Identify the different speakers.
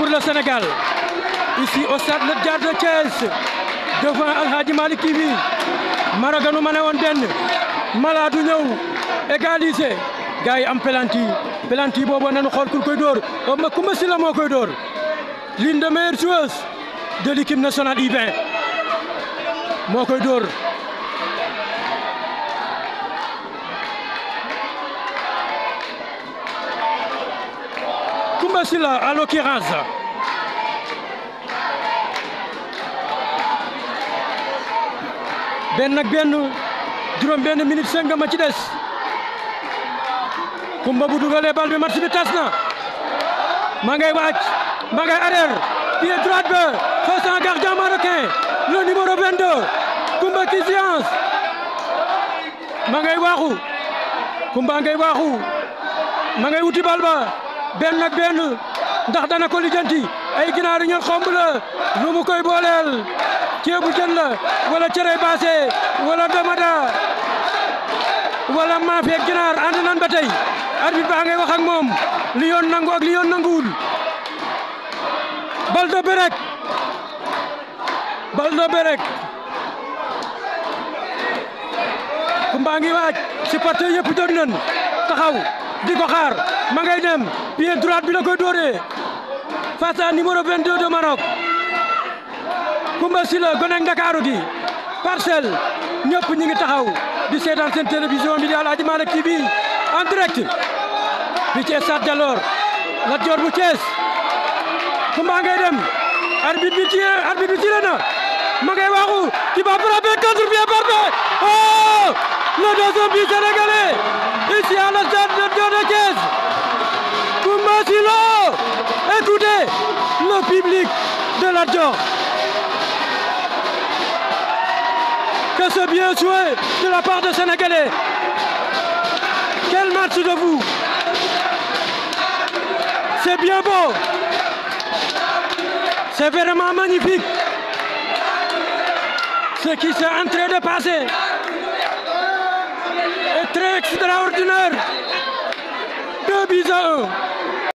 Speaker 1: pour le Sénégal. Ici au stade Le Diar de Thiès, devant Al Hadji Maraganu ma ne woon denn Mala du ñëw égaliser gars yi am penalty penalty boobu nañu xool ku koy dóor ma Kumba Sylla moo koy dóor l'une des meilleures joueuses de l'équipe nationale U20 moo koy dóor. Koumba Sylla à l'occurrence. benn ak benn juróom benn minute ci des Koumba bu dugalee bal bi match tas na maa waaj maa ngay arrière pied droit ba face à un gardien marocain le numéro 22 waaxu Koumba waaxu maa wuti bal ba benn ak benn ndax dana ko lijjanti ay ginaar yu ñu xomb la lu koy booleel ceebu jën la wala cere baase wala damada wala maafe ginaar ànd nan ba tey arbitre baa ngay wax ak moom li nangu ak li yoon nanguwul bal berek bal berek ku mbaa ngi waaj supporter yëpp jóg nañ taxaw di ko xaar ma dem pied droite bi la koy dóoree face à numéro 22 de Maroc Koumba Sylla gone Ndakaaru gi parcelle ñi ngi taxaw di seetaan seen télévision bi di Aladji Malick TV en bi ci stade Dalor Lat Dior bu Thiès Koumba ngay dem arbitre bi tiré arbitre bi tiré na ma ngay waxu qui va frapper contre-pied parfait oh le deuxième but sénégalais Abidjan. Que ce bien joué de la part de Sénégalais. Quel match de vous C'est bien bon C'est vraiment magnifique. Ce qui s'est en de passer est très extraordinaire. Deux buts